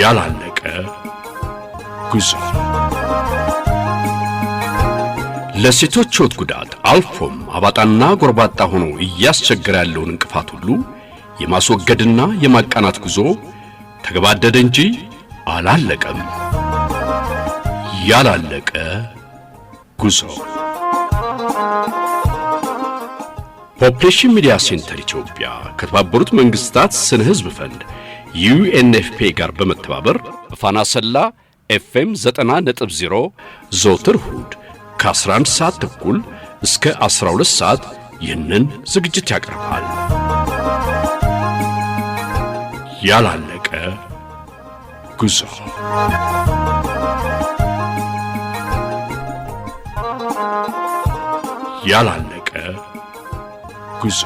ያላለቀ ጉዞ ለሴቶች ሕይወት ጉዳት አልፎም አባጣና ጎርባጣ ሆኖ እያስቸገረ ያለውን እንቅፋት ሁሉ የማስወገድና የማቃናት ጉዞ ተገባደደ እንጂ አላለቀም። ያላለቀ ጉዞ ፖፕሌሽን ሚዲያ ሴንተር ኢትዮጵያ ከተባበሩት መንግስታት ስነ ሕዝብ ፈንድ ዩኤንኤፍፔ ጋር በመተባበር ኤፍኤም ሰላ ኤፍኤም 0 ዘወትር እሁድ ከ11 ሰዓት ተኩል እስከ 12 ሰዓት ይህንን ዝግጅት ያቀርባል። ያላለቀ ጉዞ ያላለቀ ጉዞ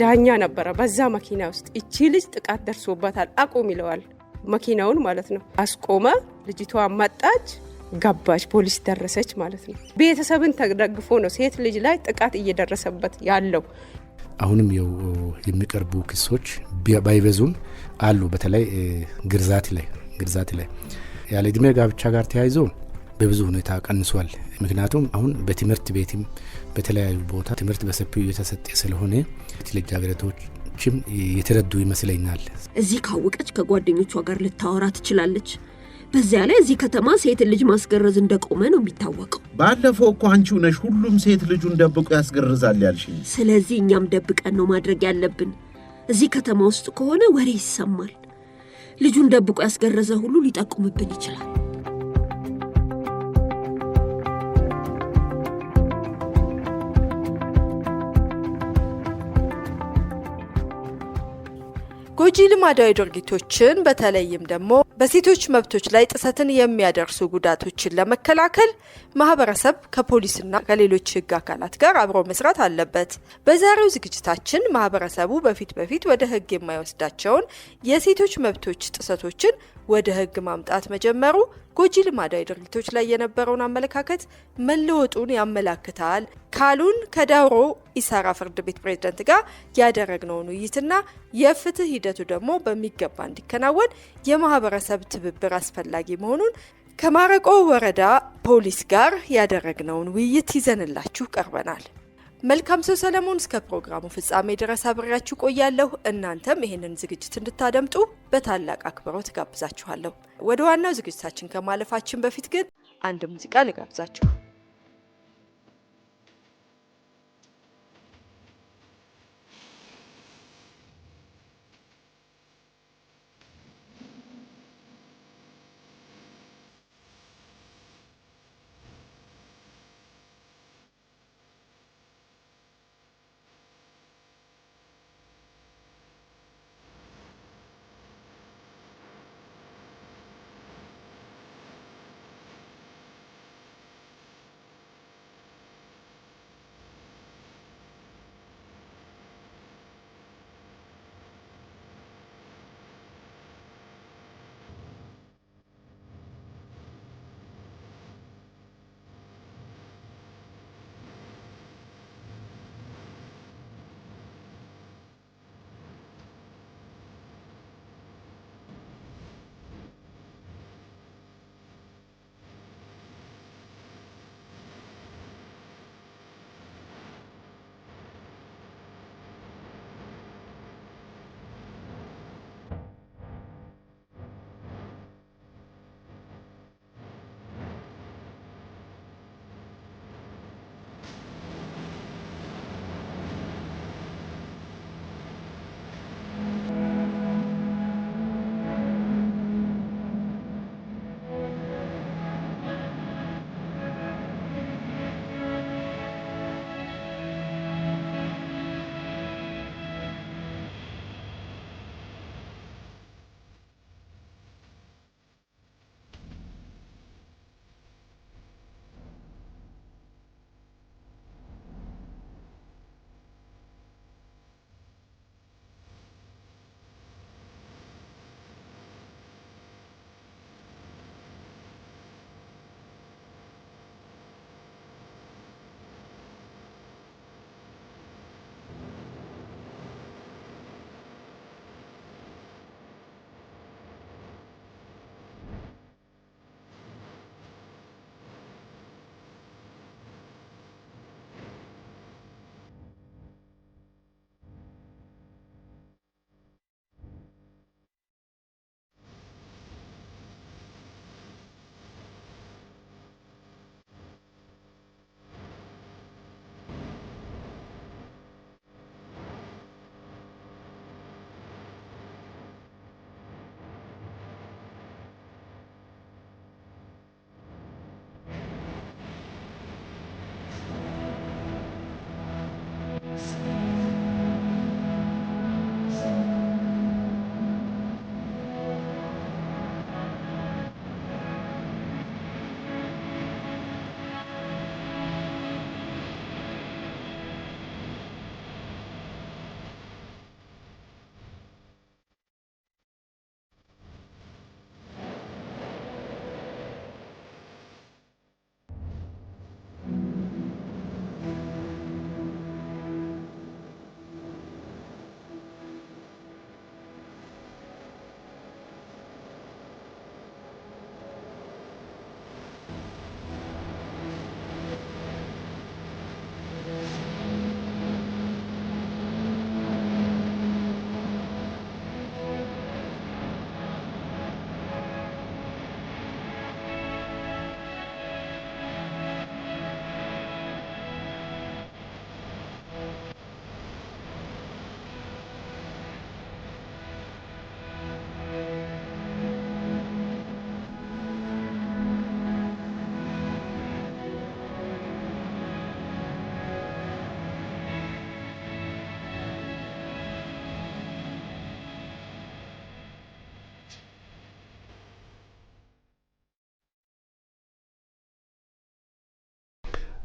ዳኛ ነበረ በዛ መኪና ውስጥ። እቺ ልጅ ጥቃት ደርሶባታል አቁም ይለዋል፣ መኪናውን ማለት ነው። አስቆመ። ልጅቷ መጣች፣ ገባች፣ ፖሊስ ደረሰች ማለት ነው። ቤተሰብን ተደግፎ ነው ሴት ልጅ ላይ ጥቃት እየደረሰበት ያለው። አሁንም ው የሚቀርቡ ክሶች ባይበዙም አሉ። በተለይ ግርዛት ላይ ግርዛት ላይ ያለ እድሜ ጋብቻ ጋር ተያይዞ በብዙ ሁኔታ ቀንሷል። ምክንያቱም አሁን በትምህርት ቤትም በተለያዩ ቦታ ትምህርት በሰፊው እየተሰጠ ስለሆነ ልጃ ገረዶችም የተረዱ ይመስለኛል። እዚህ ካወቀች ከጓደኞቿ ጋር ልታወራ ትችላለች። በዚያ ላይ እዚህ ከተማ ሴት ልጅ ማስገረዝ እንደቆመ ነው የሚታወቀው። ባለፈው እኮ አንቺው ነሽ ሁሉም ሴት ልጁን ደብቆ ያስገርዛል ያልሽኝ። ስለዚህ እኛም ደብቀን ነው ማድረግ ያለብን። እዚህ ከተማ ውስጥ ከሆነ ወሬ ይሰማል። ልጁን ደብቆ ያስገረዘ ሁሉ ሊጠቁምብን ይችላል። ጎጂ ልማዳዊ ድርጊቶችን በተለይም ደግሞ በሴቶች መብቶች ላይ ጥሰትን የሚያደርሱ ጉዳቶችን ለመከላከል ማህበረሰብ ከፖሊስና ከሌሎች ህግ አካላት ጋር አብሮ መስራት አለበት። በዛሬው ዝግጅታችን ማህበረሰቡ በፊት በፊት ወደ ህግ የማይወስዳቸውን የሴቶች መብቶች ጥሰቶችን ወደ ህግ ማምጣት መጀመሩ ጎጂ ልማዳዊ ድርጊቶች ላይ የነበረውን አመለካከት መለወጡን ያመላክታል ካሉን ከዳውሮ ኢሳራ ፍርድ ቤት ፕሬዝደንት ጋር ያደረግነውን ውይይትና የፍትህ ሂደቱ ደግሞ በሚገባ እንዲከናወን የማህበረሰብ ትብብር አስፈላጊ መሆኑን ከማረቆ ወረዳ ፖሊስ ጋር ያደረግነውን ውይይት ይዘንላችሁ ቀርበናል። መልካም ሰው ሰለሞን እስከ ፕሮግራሙ ፍጻሜ ድረስ አብሬያችሁ ቆያለሁ። እናንተም ይህንን ዝግጅት እንድታደምጡ በታላቅ አክብሮት ጋብዛችኋለሁ። ወደ ዋናው ዝግጅታችን ከማለፋችን በፊት ግን አንድ ሙዚቃ ልጋብዛችሁ።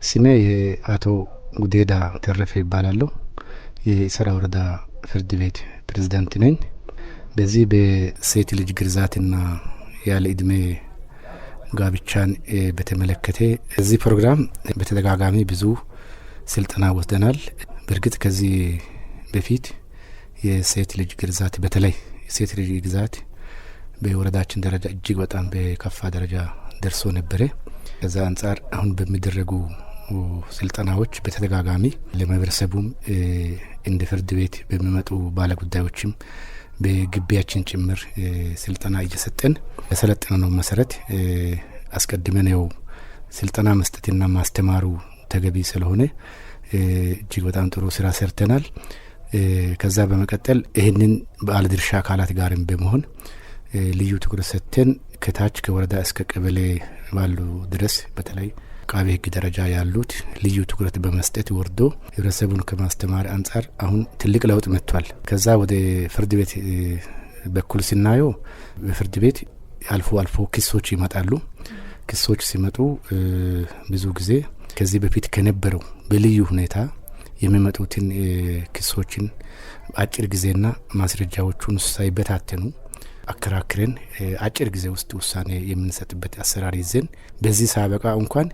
ስሜ አቶ ጉዴዳ ተረፈ ይባላለሁ። የኢሰራ ወረዳ ፍርድ ቤት ፕሬዝዳንት ነኝ። በዚህ በሴት ልጅ ግርዛትና ያለ እድሜ ጋብቻን በተመለከተ እዚህ ፕሮግራም በተደጋጋሚ ብዙ ስልጠና ወስደናል። በእርግጥ ከዚህ በፊት የሴት ልጅ ግርዛት በተለይ የሴት ልጅ ግርዛት በወረዳችን ደረጃ እጅግ በጣም በከፋ ደረጃ ደርሶ ነበረ። ከዛ አንጻር አሁን በሚደረጉ ስልጠናዎች በተደጋጋሚ ለማህበረሰቡም እንደ ፍርድ ቤት በሚመጡ ባለጉዳዮችም በግቢያችን ጭምር ስልጠና እየሰጠን በሰለጠነው መሰረት አስቀድመን ያው ስልጠና መስጠትና ማስተማሩ ተገቢ ስለሆነ እጅግ በጣም ጥሩ ስራ ሰርተናል። ከዛ በመቀጠል ይህንን ባለድርሻ አካላት ጋርም በመሆን ልዩ ትኩረት ሰጥተን ከታች ከወረዳ እስከ ቀበሌ ባሉ ድረስ በተለይ አቃቤ ሕግ ደረጃ ያሉት ልዩ ትኩረት በመስጠት ወርዶ ህብረተሰቡን ከማስተማር አንጻር አሁን ትልቅ ለውጥ መጥቷል። ከዛ ወደ ፍርድ ቤት በኩል ስናየው በፍርድ ቤት አልፎ አልፎ ክሶች ይመጣሉ። ክሶች ሲመጡ ብዙ ጊዜ ከዚህ በፊት ከነበረው በልዩ ሁኔታ የሚመጡትን ክሶችን አጭር ጊዜና ማስረጃዎቹን ሳይበታተኑ አከራክረን አጭር ጊዜ ውስጥ ውሳኔ የምንሰጥበት አሰራር ይዘን በዚህ ሳበቃ እንኳን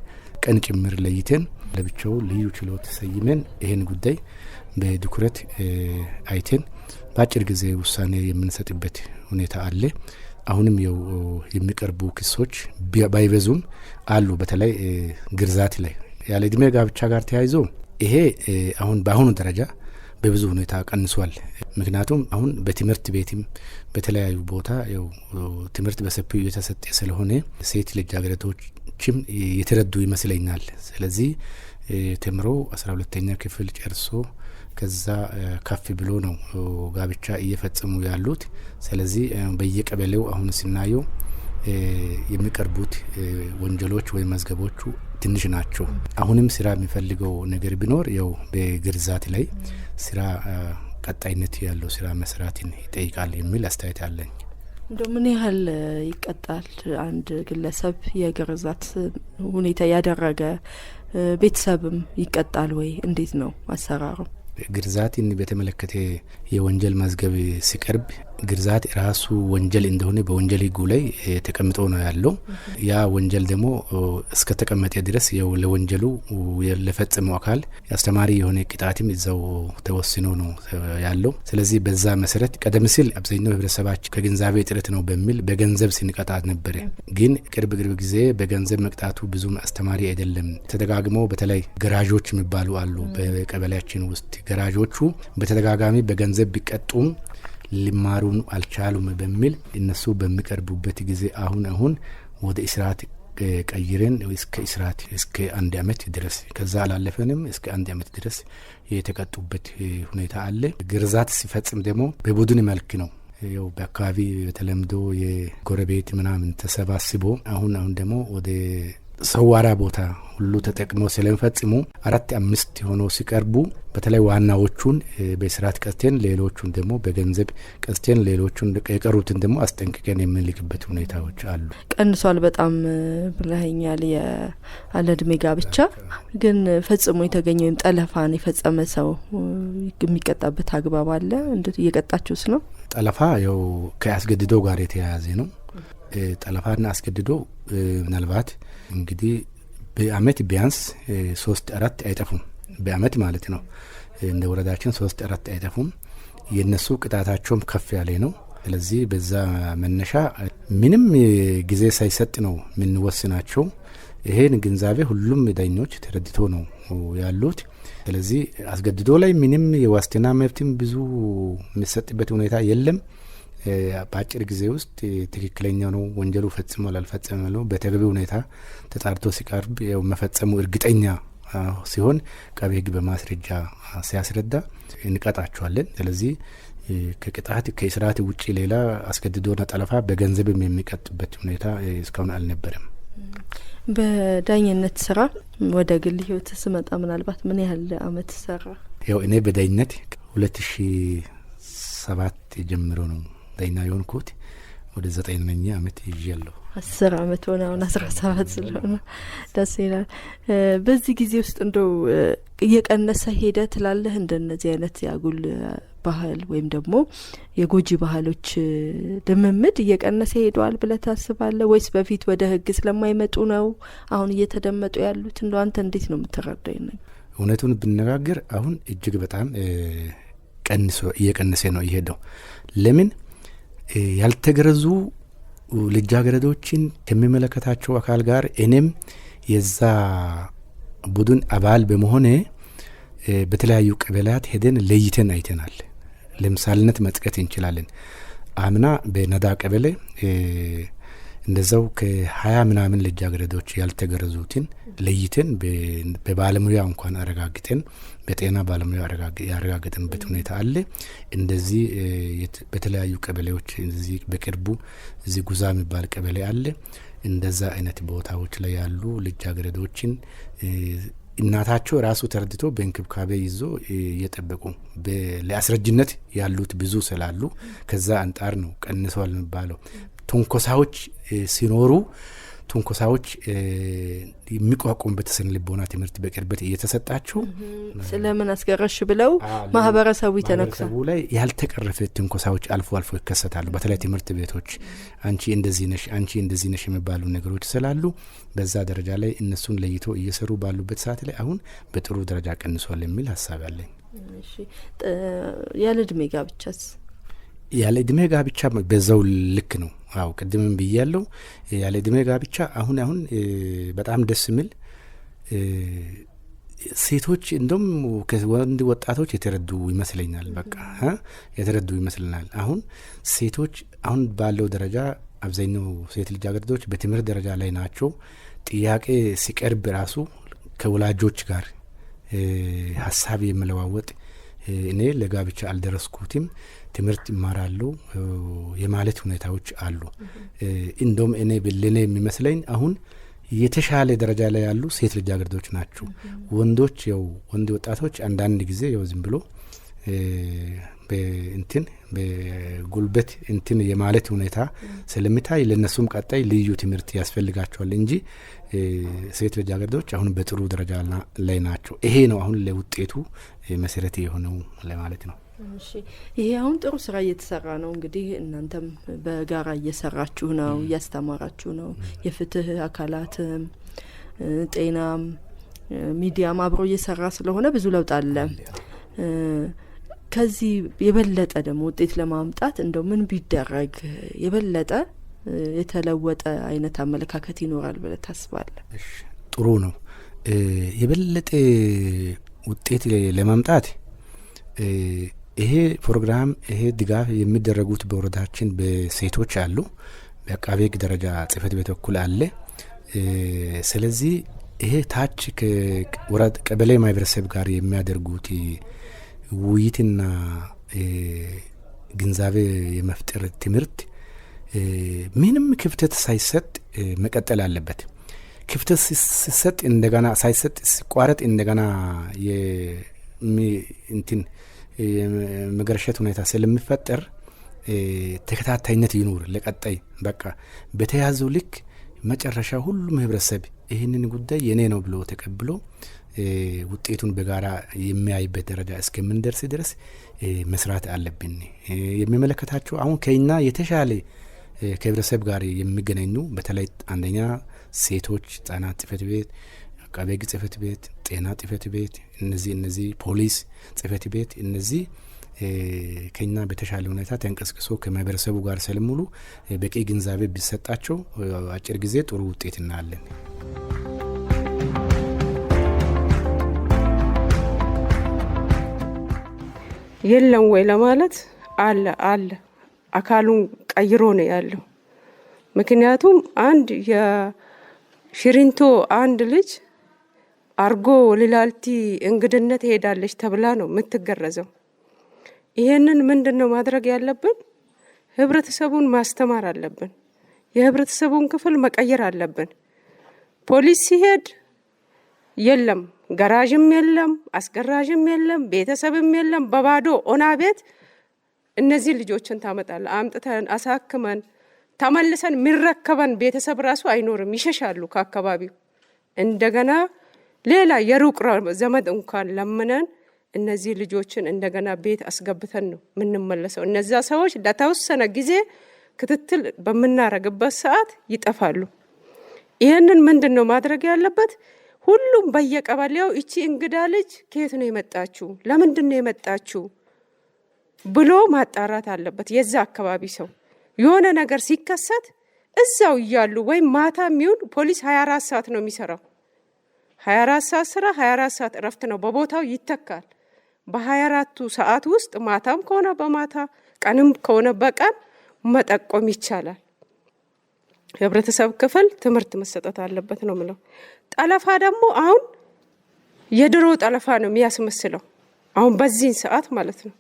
ቀን ጭምር ለይተን ለብቻው ልዩ ችሎት ሰይመን ይህን ጉዳይ በትኩረት አይተን በአጭር ጊዜ ውሳኔ የምንሰጥበት ሁኔታ አለ። አሁንም ው የሚቀርቡ ክሶች ባይበዙም አሉ። በተለይ ግርዛት ላይ ያለ እድሜ ጋብቻ ጋር ተያይዞ ይሄ አሁን በአሁኑ ደረጃ በብዙ ሁኔታ ቀንሷል። ምክንያቱም አሁን በትምህርት ቤትም በተለያዩ ቦታ ያው ትምህርት በሰፊው እየተሰጠ ስለሆነ ሴት ልጃገረቶችም የተረዱ ይመስለኛል። ስለዚህ ተምሮ አስራ ሁለተኛ ክፍል ጨርሶ ከዛ ከፍ ብሎ ነው ጋብቻ እየፈጸሙ ያሉት። ስለዚህ በየቀበሌው አሁን ስናየው የሚቀርቡት ወንጀሎች ወይም መዝገቦቹ ትንሽ ናቸው። አሁንም ስራ የሚፈልገው ነገር ቢኖር ያው በግርዛት ላይ ስራ ቀጣይነት ያለው ስራ መስራትን ይጠይቃል የሚል አስተያየት አለኝ። እንደ ምን ያህል ይቀጣል? አንድ ግለሰብ የግርዛት ሁኔታ ያደረገ ቤተሰብም ይቀጣል ወይ? እንዴት ነው አሰራሩ? ግርዛትን በተመለከተ የወንጀል መዝገብ ሲቀርብ ግርዛት የራሱ ወንጀል እንደሆነ በወንጀል ህጉ ላይ ተቀምጦ ነው ያለው። ያ ወንጀል ደግሞ እስከተቀመጠ ድረስ ለወንጀሉ ለፈጸመው አካል አስተማሪ የሆነ ቅጣትም እዛው ተወስኖ ነው ያለው። ስለዚህ በዛ መሰረት ቀደም ሲል አብዛኛው ህብረተሰባችን ከግንዛቤ ጥረት ነው በሚል በገንዘብ ሲንቀጣ ነበረ። ግን ቅርብ ቅርብ ጊዜ በገንዘብ መቅጣቱ ብዙም አስተማሪ አይደለም። ተደጋግሞ በተለይ ገራዦች የሚባሉ አሉ። በቀበሌያችን ውስጥ ገራዦቹ በተደጋጋሚ በገንዘብ ቢቀጡም ሊማሩን አልቻሉም በሚል እነሱ በሚቀርቡበት ጊዜ አሁን አሁን ወደ እስራት ቀይረን እስከ እስራት እስከ አንድ አመት ድረስ ከዛ አላለፈንም እስከ አንድ አመት ድረስ የተቀጡበት ሁኔታ አለ። ግርዛት ሲፈጽም ደግሞ በቡድን መልክ ነው። ያው በአካባቢ በተለምዶ የጎረቤት ምናምን ተሰባስቦ አሁን አሁን ደግሞ ወደ ሰዋራ ቦታ ሁሉ ተጠቅመው ስለሚፈጽሙ አራት አምስት ሆኖ ሲቀርቡ በተለይ ዋናዎቹን በስርዓት ቀስቴን ሌሎቹን ደግሞ በገንዘብ ቀስቴን ሌሎቹን የቀሩትን ደግሞ አስጠንቅቀን የምንልክበት ሁኔታዎች አሉ። ቀንሷል በጣም ብለኸኛል። ያለ እድሜ ጋብቻ ግን ፈጽሞ የተገኘ ወይም ጠለፋን የፈጸመ ሰው የሚቀጣበት አግባብ አለ። እየቀጣችሁስ ነው? ጠለፋ ያው ከአስገድዶ ጋር የተያያዘ ነው። ጠለፋና አስገድዶ ምናልባት እንግዲህ በአመት ቢያንስ ሶስት አራት አይጠፉም። በአመት ማለት ነው። እንደ ወረዳችን ሶስት አራት አይጠፉም። የእነሱ ቅጣታቸውም ከፍ ያለ ነው። ስለዚህ በዛ መነሻ ምንም ጊዜ ሳይሰጥ ነው የምንወስናቸው። ይሄን ግንዛቤ ሁሉም ዳኞች ተረድቶ ነው ያሉት። ስለዚህ አስገድዶ ላይ ምንም የዋስትና መብትም ብዙ የሚሰጥበት ሁኔታ የለም። በአጭር ጊዜ ውስጥ ትክክለኛ ነው ወንጀሉ ፈጽሞ ላልፈጸመ ነው በተገቢ ሁኔታ ተጣርቶ ሲቀርብ መፈጸሙ እርግጠኛ ሲሆን ቀቢ ህግ በማስረጃ ሲያስረዳ እንቀጣቸዋለን። ስለዚህ ከቅጣት ከስርዓት ውጭ ሌላ አስገድዶና ጠለፋ በገንዘብም የሚቀጥበት ሁኔታ እስካሁን አልነበረም። በዳኝነት ስራ ወደ ግል ህይወት ስመጣ ምናልባት ምን ያህል አመት ሰራ? ያው እኔ በዳኝነት ሁለት ሺ ሰባት የጀምሮ ነው ዘጠኝና የሆንኩት ወደ ነኝ አመት ይዣለሁ። አስር አመት ሆነ አሁን አስራ ሰባት ስለሆነ ደስ ይላል። በዚህ ጊዜ ውስጥ እንደው እየቀነሰ ሄደ ትላለህ? እንደነዚህ አይነት የአጉል ባህል ወይም ደግሞ የጎጂ ባህሎች ልምምድ እየቀነሰ ሄደዋል ብለ ታስባለ ወይስ በፊት ወደ ህግ ስለማይመጡ ነው አሁን እየተደመጡ ያሉት? እንደ አንተ እንዴት ነው የምትረዳኝ? ነ እውነቱን ብነጋገር አሁን እጅግ በጣም ቀንሶ እየቀነሰ ነው የሄደው ለምን ያልተገረዙ ልጃገረዶችን ከሚመለከታቸው አካል ጋር እኔም የዛ ቡድን አባል በመሆኔ በተለያዩ ቀበሌያት ሄደን ለይተን አይተናል። ለምሳሌነት መጥቀት እንችላለን። አምና በነዳ ቀበሌ እንደዛው ከሀያ ምናምን ልጃገረዶች ያልተገረዙትን ለይትን በባለሙያ እንኳን አረጋግጠን በጤና ባለሙያ ያረጋገጥንበት ሁኔታ አለ። እንደዚህ በተለያዩ ቀበሌዎች እዚህ በቅርቡ እዚህ ጉዛ የሚባል ቀበሌ አለ። እንደዛ አይነት ቦታዎች ላይ ያሉ ልጃገረዶችን እናታቸው ራሱ ተረድቶ በእንክብካቤ ይዞ እየጠበቁ ለአስረጅነት ያሉት ብዙ ስላሉ ከዛ አንጣር ነው ቀንሷል የሚባለው ትንኮሳዎች ሲኖሩ ትንኮሳዎች የሚቋቋሙበት ስነ ልቦና ትምህርት በቅርበት እየተሰጣቸው ስለምን አስገረሽ ብለው ማህበረሰቡ ይተነክሳል ላይ ያልተቀረፈ ትንኮሳዎች አልፎ አልፎ ይከሰታሉ። በተለይ ትምህርት ቤቶች አንቺ እንደዚህ ነሽ፣ አንቺ እንደዚህ ነሽ የሚባሉ ነገሮች ስላሉ በዛ ደረጃ ላይ እነሱን ለይቶ እየሰሩ ባሉበት ሰዓት ላይ አሁን በጥሩ ደረጃ ቀንሷል የሚል ሀሳብ አለኝ። ያለ እድሜ ጋብቻስ? ያለ እድሜ ጋብቻ በዛው ልክ ነው አው ቅድምም ብያለው ያለ እድሜ ጋብቻ አሁን አሁን በጣም ደስ የሚል ሴቶች እንደም ከወንድ ወጣቶች የተረዱ ይመስለኛል። በቃ የተረዱ ይመስለናል። አሁን ሴቶች አሁን ባለው ደረጃ አብዛኛው ሴት ልጃገረዶች በትምህርት ደረጃ ላይ ናቸው። ጥያቄ ሲቀርብ ራሱ ከወላጆች ጋር ሀሳብ የመለዋወጥ እኔ ለጋብቻ አልደረስኩትም ትምህርት ይማራሉ የማለት ሁኔታዎች አሉ። እንደውም እኔ ብልኔ የሚመስለኝ አሁን የተሻለ ደረጃ ላይ ያሉ ሴት ልጃገረዶች ናቸው። ወንዶች ያው ወንድ ወጣቶች አንዳንድ ጊዜ ያው ዝም ብሎ እንትን በጉልበት እንትን የማለት ሁኔታ ስለሚታይ ለእነሱም ቀጣይ ልዩ ትምህርት ያስፈልጋቸዋል እንጂ ሴት ልጃገረዶች አሁን በጥሩ ደረጃ ላይ ናቸው። ይሄ ነው አሁን ለውጤቱ መሰረት የሆነው ለማለት ነው። ይሄ አሁን ጥሩ ስራ እየተሰራ ነው። እንግዲህ እናንተም በጋራ እየሰራችሁ ነው፣ እያስተማራችሁ ነው። የፍትህ አካላትም፣ ጤናም፣ ሚዲያም አብሮ እየሰራ ስለሆነ ብዙ ለውጥ አለ። ከዚህ የበለጠ ደግሞ ውጤት ለማምጣት እንደው ምን ቢደረግ የበለጠ የተለወጠ አይነት አመለካከት ይኖራል ብለ ታስባለ? ጥሩ ነው። የበለጠ ውጤት ለማምጣት ይሄ ፕሮግራም ይሄ ድጋፍ የሚደረጉት በወረዳችን በሴቶች አሉ፣ በአቃቤ ሕግ ደረጃ ጽህፈት ቤት በኩል አለ። ስለዚህ ይሄ ታች ቀበሌ ማህበረሰብ ጋር የሚያደርጉት ውይይትና ግንዛቤ የመፍጠር ትምህርት ምንም ክፍተት ሳይሰጥ መቀጠል አለበት። ክፍተት ሲሰጥ እንደገና ሳይሰጥ ሲቋረጥ እንደገና እንትን የመገረሸት ሁኔታ ስለሚፈጠር ተከታታይነት ይኑር። ለቀጣይ በቃ በተያዘው ልክ መጨረሻ ሁሉም ህብረተሰብ ይህንን ጉዳይ የኔ ነው ብሎ ተቀብሎ ውጤቱን በጋራ የሚያይበት ደረጃ እስከምንደርስ ድረስ መስራት አለብን። የሚመለከታቸው አሁን ከኛ የተሻለ ከህብረተሰብ ጋር የሚገናኙ በተለይ አንደኛ ሴቶች፣ ህጻናት ጽፈት ቤት አቃቤ ሕግ ጽህፈት ቤት፣ ጤና ጽህፈት ቤት እነዚህ እነዚህ ፖሊስ ጽህፈት ቤት እነዚህ ከኛ በተሻለ ሁኔታ ተንቀስቅሶ ከማህበረሰቡ ጋር ስለሙሉ በቂ ግንዛቤ ቢሰጣቸው አጭር ጊዜ ጥሩ ውጤት እናያለን። የለም ወይ ለማለት አለ አለ አካሉን ቀይሮ ነው ያለው። ምክንያቱም አንድ የሽሪንቶ አንድ ልጅ አርጎ ልላልቲ እንግድነት ትሄዳለች ተብላ ነው የምትገረዘው። ይሄንን ምንድን ነው ማድረግ ያለብን? ህብረተሰቡን ማስተማር አለብን። የህብረተሰቡን ክፍል መቀየር አለብን። ፖሊስ ሲሄድ የለም ገራዥም የለም አስገራዥም የለም ቤተሰብም የለም በባዶ ኦና ቤት እነዚህ ልጆችን ታመጣለ። አምጥተን አሳክመን ተመልሰን የሚረከበን ቤተሰብ ራሱ አይኖርም፣ ይሸሻሉ ከአካባቢው እንደገና ሌላ የሩቅ ዘመድ እንኳን ለምነን እነዚህ ልጆችን እንደገና ቤት አስገብተን ነው የምንመለሰው። እነዚያ ሰዎች ለተወሰነ ጊዜ ክትትል በምናረግበት ሰዓት ይጠፋሉ። ይህንን ምንድን ነው ማድረግ ያለበት? ሁሉም በየቀበሌው እቺ እንግዳ ልጅ ከየት ነው የመጣችሁ? ለምንድን ነው የመጣችሁ ብሎ ማጣራት አለበት። የዛ አካባቢ ሰው የሆነ ነገር ሲከሰት እዛው እያሉ ወይም ማታ የሚሆን ፖሊስ 24 ሰዓት ነው የሚሰራው 24 ሰዓት ስራ 24 ሰዓት እረፍት ነው። በቦታው ይተካል። በ24ቱ ሰዓት ውስጥ ማታም ከሆነ በማታ ቀንም ከሆነ በቀን መጠቆም ይቻላል። የህብረተሰብ ክፍል ትምህርት መሰጠት አለበት ነው ምለው። ጠለፋ ደግሞ አሁን የድሮ ጠለፋ ነው የሚያስመስለው አሁን በዚህን ሰዓት ማለት ነው።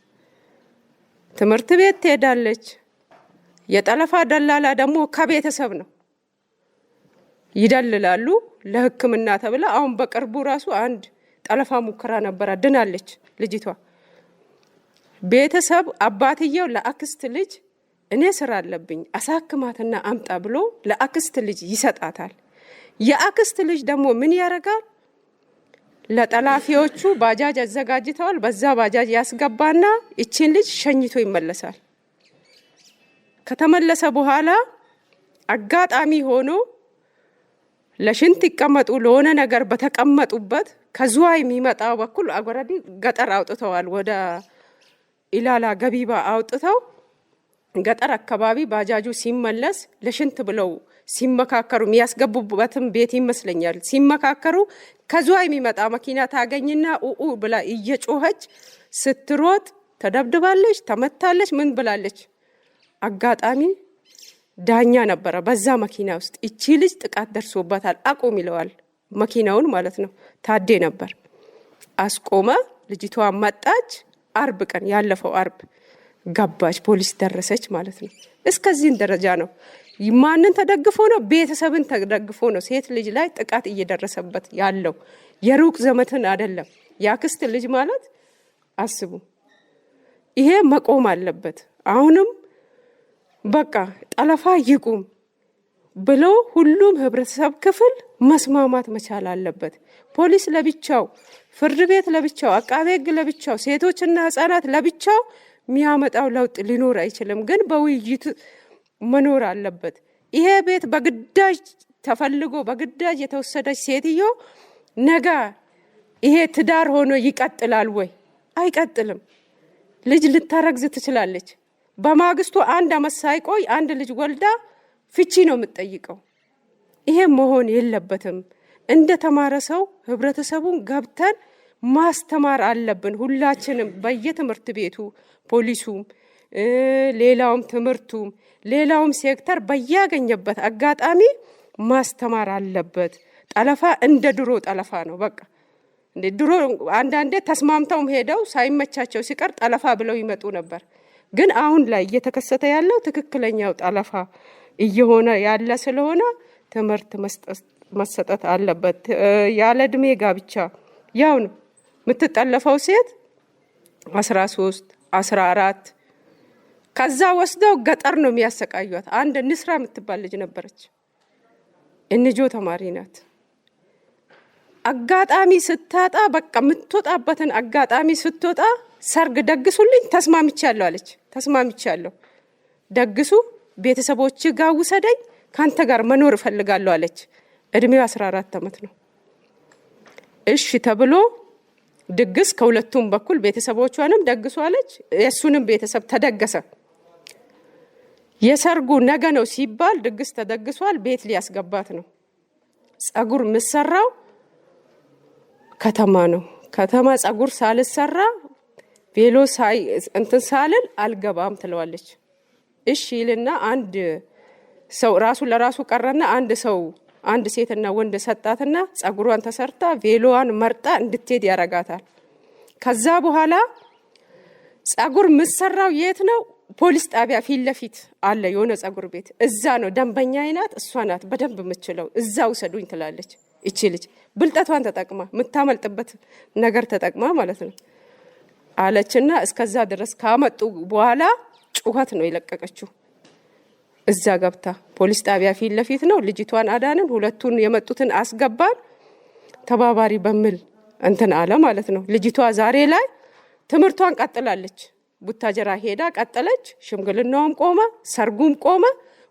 ትምህርት ቤት ትሄዳለች። የጠለፋ ደላላ ደግሞ ከቤተሰብ ነው። ይደልላሉ ለህክምና ተብላ አሁን በቅርቡ ራሱ አንድ ጠለፋ ሙከራ ነበር አድናለች ልጅቷ። ቤተሰብ አባትየው ለአክስት ልጅ እኔ ስራ አለብኝ አሳክማትና አምጣ ብሎ ለአክስት ልጅ ይሰጣታል። የአክስት ልጅ ደግሞ ምን ያደርጋል? ለጠላፊዎቹ ባጃጅ አዘጋጅተዋል። በዛ ባጃጅ ያስገባና ይችን ልጅ ሸኝቶ ይመለሳል። ከተመለሰ በኋላ አጋጣሚ ሆኖ ለሽንት ይቀመጡ ለሆነ ነገር በተቀመጡበት ከዙዋ የሚመጣ በኩል አጎረዲ ገጠር አውጥተዋል። ወደ ኢላላ ገቢባ አውጥተው ገጠር አካባቢ ባጃጁ ሲመለስ ለሽንት ብለው ሲመካከሩ የሚያስገቡበትም ቤት ይመስለኛል። ሲመካከሩ ከዙዋ የሚመጣ መኪና ታገኝና ኡኡ ብላ እየጮኸች ስትሮጥ ተደብድባለች፣ ተመታለች፣ ምን ብላለች አጋጣሚ ዳኛ ነበረ በዛ መኪና ውስጥ። እቺ ልጅ ጥቃት ደርሶባታል አቁም ይለዋል። መኪናውን ማለት ነው። ታዴ ነበር አስቆመ። ልጅቷ መጣች። አርብ ቀን ያለፈው አርብ ገባች። ፖሊስ ደረሰች ማለት ነው። እስከዚህን ደረጃ ነው። ማንን ተደግፎ ነው? ቤተሰብን ተደግፎ ነው ሴት ልጅ ላይ ጥቃት እየደረሰበት ያለው የሩቅ ዘመትን አይደለም። ያክስት ልጅ ማለት አስቡ። ይሄ መቆም አለበት አሁንም በቃ ጠለፋ ይቁም ብሎ ሁሉም ህብረተሰብ ክፍል መስማማት መቻል አለበት። ፖሊስ ለብቻው፣ ፍርድ ቤት ለብቻው፣ አቃቤ ህግ ለብቻው፣ ሴቶችና ህጻናት ለብቻው የሚያመጣው ለውጥ ሊኖር አይችልም። ግን በውይይት መኖር አለበት። ይሄ ቤት በግዳጅ ተፈልጎ በግዳጅ የተወሰደች ሴትዮ ነገ ይሄ ትዳር ሆኖ ይቀጥላል ወይ? አይቀጥልም። ልጅ ልታረግዝ ትችላለች። በማግስቱ አንድ አመት ሳይቆይ አንድ ልጅ ወልዳ ፍቺ ነው የምጠይቀው ይሄ መሆን የለበትም። እንደ ተማረ ሰው ህብረተሰቡን ገብተን ማስተማር አለብን። ሁላችንም በየትምህርት ቤቱ ፖሊሱም፣ ሌላውም፣ ትምህርቱም፣ ሌላውም ሴክተር በያገኘበት አጋጣሚ ማስተማር አለበት። ጠለፋ እንደ ድሮ ጠለፋ ነው። በቃ ድሮ አንዳንዴ ተስማምተውም ሄደው ሳይመቻቸው ሲቀር ጠለፋ ብለው ይመጡ ነበር። ግን አሁን ላይ እየተከሰተ ያለው ትክክለኛው ጠለፋ እየሆነ ያለ ስለሆነ ትምህርት መሰጠት አለበት። ያለ እድሜ ጋብቻ ያው ነው የምትጠለፈው ሴት አስራ ሶስት አስራ አራት ከዛ ወስደው ገጠር ነው የሚያሰቃዩት። አንድ ንስራ የምትባል ልጅ ነበረች፣ እንጆ ተማሪ ናት። አጋጣሚ ስታጣ በቃ የምትወጣበትን አጋጣሚ ስትወጣ ሰርግ ደግሱልኝ ተስማምቻለሁ አለች። ተስማምቻለሁ፣ ደግሱ፣ ቤተሰቦች ጋር ውሰደኝ፣ ከአንተ ጋር መኖር እፈልጋለሁ አለች። እድሜው 14 ዓመት ነው። እሺ ተብሎ ድግስ ከሁለቱም በኩል ቤተሰቦቿንም ደግሱ አለች። የእሱንም ቤተሰብ ተደገሰ። የሰርጉ ነገ ነው ሲባል ድግስ ተደግሷል። ቤት ሊያስገባት ነው። ጸጉር የምሰራው ከተማ ነው። ከተማ ጸጉር ሳልሰራ ቬሎ ሳይ እንትን ሳልል አልገባም ትለዋለች። እሺ ይልና አንድ ሰው ራሱ ለራሱ ቀረና አንድ ሰው አንድ ሴትና ወንድ ሰጣትና ጸጉሯን ተሰርታ ቬሎዋን መርጣ እንድትሄድ ያረጋታል። ከዛ በኋላ ጸጉር ምሰራው የት ነው? ፖሊስ ጣቢያ ፊት ለፊት አለ የሆነ ጸጉር ቤት፣ እዛ ነው ደንበኛ አይናት እሷ ናት በደንብ የምችለው፣ እዛ ውሰዱኝ ትላለች። ይቺ ልጅ ብልጠቷን ተጠቅማ የምታመልጥበት ነገር ተጠቅማ ማለት ነው። አለችና እስከዛ ድረስ ካመጡ በኋላ ጩኸት ነው የለቀቀችው። እዛ ገብታ ፖሊስ ጣቢያ ፊት ለፊት ነው። ልጅቷን አዳንን፣ ሁለቱን የመጡትን አስገባን። ተባባሪ በሚል እንትን አለ ማለት ነው። ልጅቷ ዛሬ ላይ ትምህርቷን ቀጥላለች። ቡታጀራ ሄዳ ቀጠለች። ሽምግልናውም ቆመ፣ ሰርጉም ቆመ።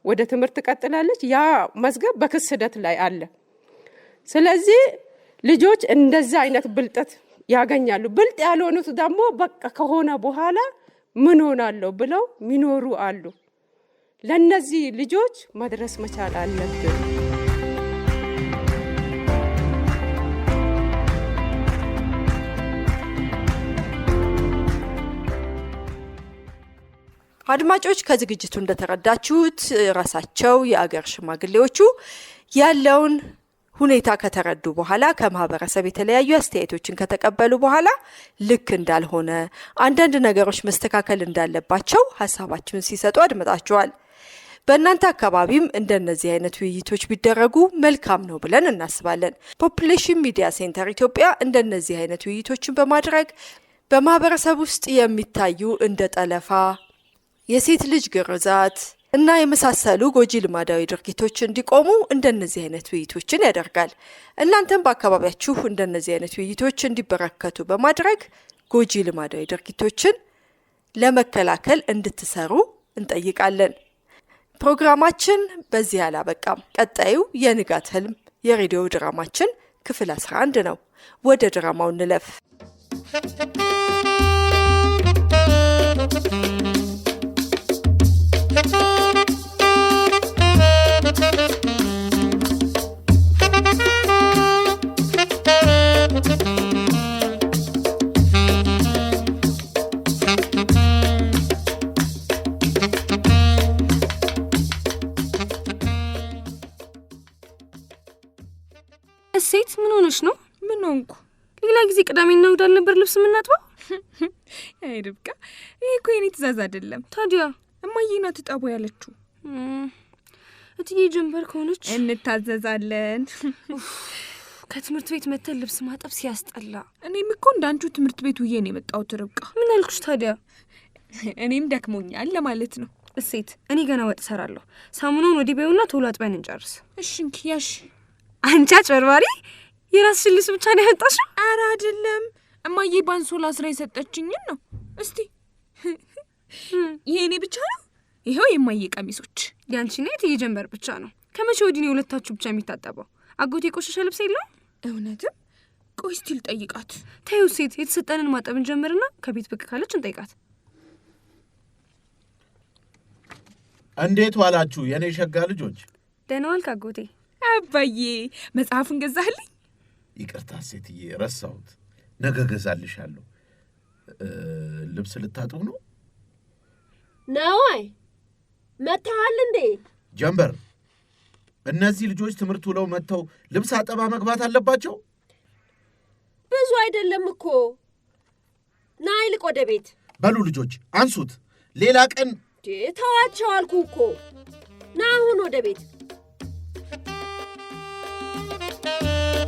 ወደ ትምህርት ቀጥላለች። ያ መዝገብ በክስ ሂደት ላይ አለ። ስለዚህ ልጆች እንደዛ አይነት ብልጠት ያገኛሉ። ብልጥ ያልሆኑት ደግሞ በቃ ከሆነ በኋላ ምን ሆናለሁ ብለው ሚኖሩ አሉ። ለእነዚህ ልጆች መድረስ መቻል አለብን። አድማጮች ከዝግጅቱ እንደተረዳችሁት ራሳቸው የአገር ሽማግሌዎቹ ያለውን ሁኔታ ከተረዱ በኋላ ከማህበረሰብ የተለያዩ አስተያየቶችን ከተቀበሉ በኋላ ልክ እንዳልሆነ አንዳንድ ነገሮች መስተካከል እንዳለባቸው ሀሳባቸውን ሲሰጡ አድምጣቸዋል። በእናንተ አካባቢም እንደነዚህ አይነት ውይይቶች ቢደረጉ መልካም ነው ብለን እናስባለን። ፖፕሌሽን ሚዲያ ሴንተር ኢትዮጵያ እንደነዚህ አይነት ውይይቶችን በማድረግ በማህበረሰብ ውስጥ የሚታዩ እንደ ጠለፋ፣ የሴት ልጅ ግርዛት እና የመሳሰሉ ጎጂ ልማዳዊ ድርጊቶች እንዲቆሙ እንደነዚህ አይነት ውይይቶችን ያደርጋል። እናንተም በአካባቢያችሁ እንደነዚህ አይነት ውይይቶች እንዲበረከቱ በማድረግ ጎጂ ልማዳዊ ድርጊቶችን ለመከላከል እንድትሰሩ እንጠይቃለን። ፕሮግራማችን በዚህ አላበቃም። ቀጣዩ የንጋት ህልም የሬዲዮ ድራማችን ክፍል 11 ነው። ወደ ድራማው እንለፍ። እንዴት? ምን ሆነሽ ነው? ምን ሆንኩ? ሌላ ጊዜ ቅዳሜና እሑድ አልነበር ልብስ የምናጥበው? አይ ርብቃ፣ ይህ እኮ የኔ ትእዛዝ አይደለም። ታዲያ እማዬ ናት እጠቡ ያለችው። እትዬ ጀንበር ከሆነች እንታዘዛለን። ከትምህርት ቤት መተን ልብስ ማጠብ ሲያስጠላ። እኔም እኮ እንዳንቹ ትምህርት ቤት ውዬ ነው የመጣሁት። ርብቃ ምን አልኩሽ ታዲያ? እኔም ደክሞኛል ለማለት ነው። እሴት፣ እኔ ገና ወጥ እሰራለሁ። ሳሙናውን ወዲህ በይውና ቶሎ አጥበን እንጨርስ። እሺ እንኪያሽ አንቺ አጭበርባሪ! የራስሽን ልብስ ብቻ ነው ያመጣሽው? አረ አይደለም እማዬ፣ ባንሶላ ስራ የሰጠችኝን ነው። እስቲ የእኔ ብቻ ነው? ይኸው የማዬ ቀሚሶች። ያንቺና የትዬ ጀንበር ብቻ ነው። ከመቼ ወዲህ ነው የሁለታችሁ ብቻ የሚታጠበው? አጎቴ የቆሸሸ ልብስ የለውም? እውነትም ቆይ እስቲ ልጠይቃት። ተይው ሴት፣ የተሰጠንን ማጠብ እንጀምርና ከቤት ብቅ ካለች እንጠይቃት። እንዴት ዋላችሁ የእኔ ሸጋ ልጆች? ደህና ዋልክ አጎቴ። አባዬ መጽሐፉን ገዛልኝ? ይቅርታ ሴትዬ ረሳሁት። ነገ ገዛልሻለሁ። ልብስ ልታጥብ ነው? ነዋይ መጥተዋል እንዴ? ጀንበር፣ እነዚህ ልጆች ትምህርት ውለው መጥተው ልብስ አጠባ መግባት አለባቸው። ብዙ አይደለም እኮ ናይልቅ ወደ ቤት በሉ። ልጆች አንሱት፣ ሌላ ቀን ተዋቸው አልኩ እኮ ና አሁን ወደ ቤት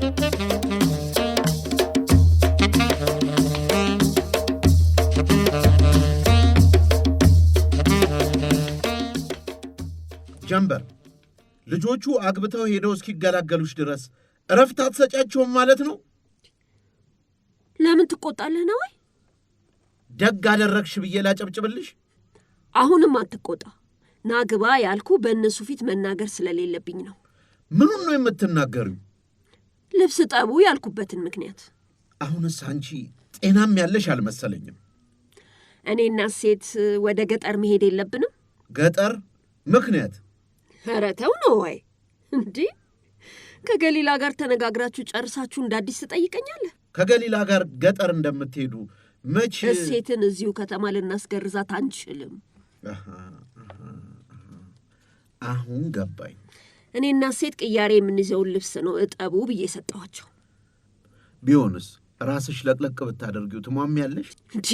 ጀንበር ልጆቹ አግብተው ሄደው እስኪገላገሉች ድረስ እረፍት አትሰጫቸውም ማለት ነው። ለምን ትቆጣለህ ነው? ደግ አደረግሽ ብዬ ላጨብጭብልሽ። አሁንም አትቆጣ። ናግባ ያልኩ በእነሱ ፊት መናገር ስለሌለብኝ ነው። ምኑን ነው የምትናገሪው? ልብስ ጠቡ ያልኩበትን ምክንያት። አሁንስ አንቺ ጤናም ያለሽ አልመሰለኝም። እኔና ሴት ወደ ገጠር መሄድ የለብንም? ገጠር ምክንያት? ኧረ ተው ነው ወይ እንዲህ ከገሊላ ጋር ተነጋግራችሁ ጨርሳችሁ እንደ አዲስ ትጠይቀኛለህ? ከገሊላ ጋር ገጠር እንደምትሄዱ መቼ? ሴትን እዚሁ ከተማ ልናስገርዛት አንችልም። አሁን ገባኝ። እኔና ሴት ቅያሬ የምንይዘውን ልብስ ነው እጠቡ ብዬ ሰጠኋቸው። ቢሆንስ ራስሽ ለቅለቅ ብታደርጊው ትሟሚ ያለሽ እንጂ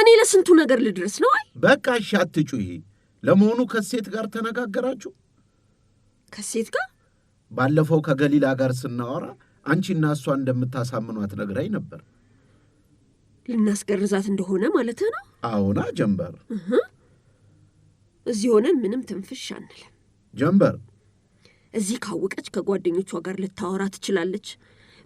እኔ ለስንቱ ነገር ልድረስ ነው። አይ በቃ እሺ፣ አትጩሂ። ለመሆኑ ከሴት ጋር ተነጋገራችሁ? ከሴት ጋር ባለፈው ከገሊላ ጋር ስናወራ አንቺና እሷ እንደምታሳምኗት ነግራኝ ነበር። ልናስገርዛት እንደሆነ ማለት ነው? አዎና ጀንበር፣ እዚህ ሆነን ምንም ትንፍሽ አንልም ጀንበር እዚህ ካወቀች ከጓደኞቿ ጋር ልታወራ ትችላለች።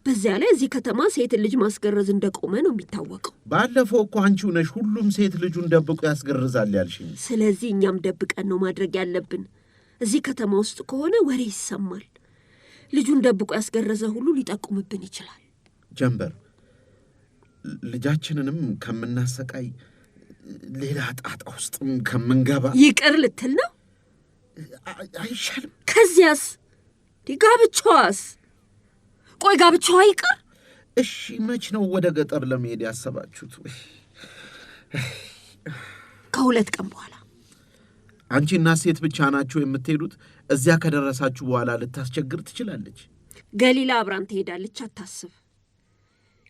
በዚያ ላይ እዚህ ከተማ ሴት ልጅ ማስገረዝ እንደቆመ ነው የሚታወቀው። ባለፈው እኮ አንቺው ነሽ ሁሉም ሴት ልጁን ደብቆ ያስገርዛል ያልሽኝ። ስለዚህ እኛም ደብቀን ነው ማድረግ ያለብን። እዚህ ከተማ ውስጥ ከሆነ ወሬ ይሰማል። ልጁን ደብቆ ያስገረዘ ሁሉ ሊጠቁምብን ይችላል። ጀንበር፣ ልጃችንንም ከምናሰቃይ ሌላ ጣጣ ውስጥም ከምንገባ ይቅር ልትል ነው አይሻልም? ከዚያስ ጋብቻዋስ? ቆይ ጋብቻዋ ይቅር። እሺ መች ነው ወደ ገጠር ለመሄድ ያሰባችሁት? ከሁለት ቀን በኋላ አንቺና ሴት ብቻ ናችሁ የምትሄዱት? እዚያ ከደረሳችሁ በኋላ ልታስቸግር ትችላለች። ገሊላ አብራን ትሄዳለች፣ አታስብ።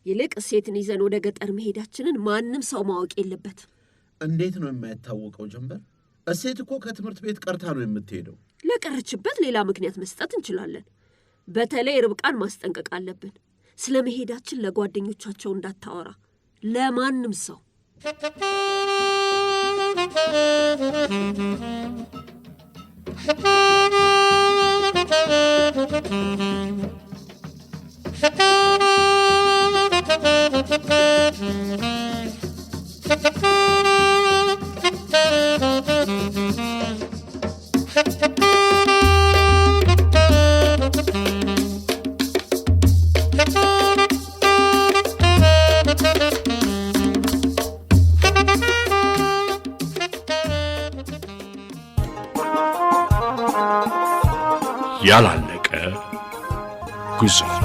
ይልቅ ሴትን ይዘን ወደ ገጠር መሄዳችንን ማንም ሰው ማወቅ የለበትም። እንዴት ነው የማይታወቀው ጀንበር? እሴት እኮ ከትምህርት ቤት ቀርታ ነው የምትሄደው። ለቀረችበት ሌላ ምክንያት መስጠት እንችላለን። በተለይ ርብቃን ማስጠንቀቅ አለብን። ስለ መሄዳችን ለጓደኞቻቸው እንዳታወራ ለማንም ሰው። ያላለቀ ጉዞ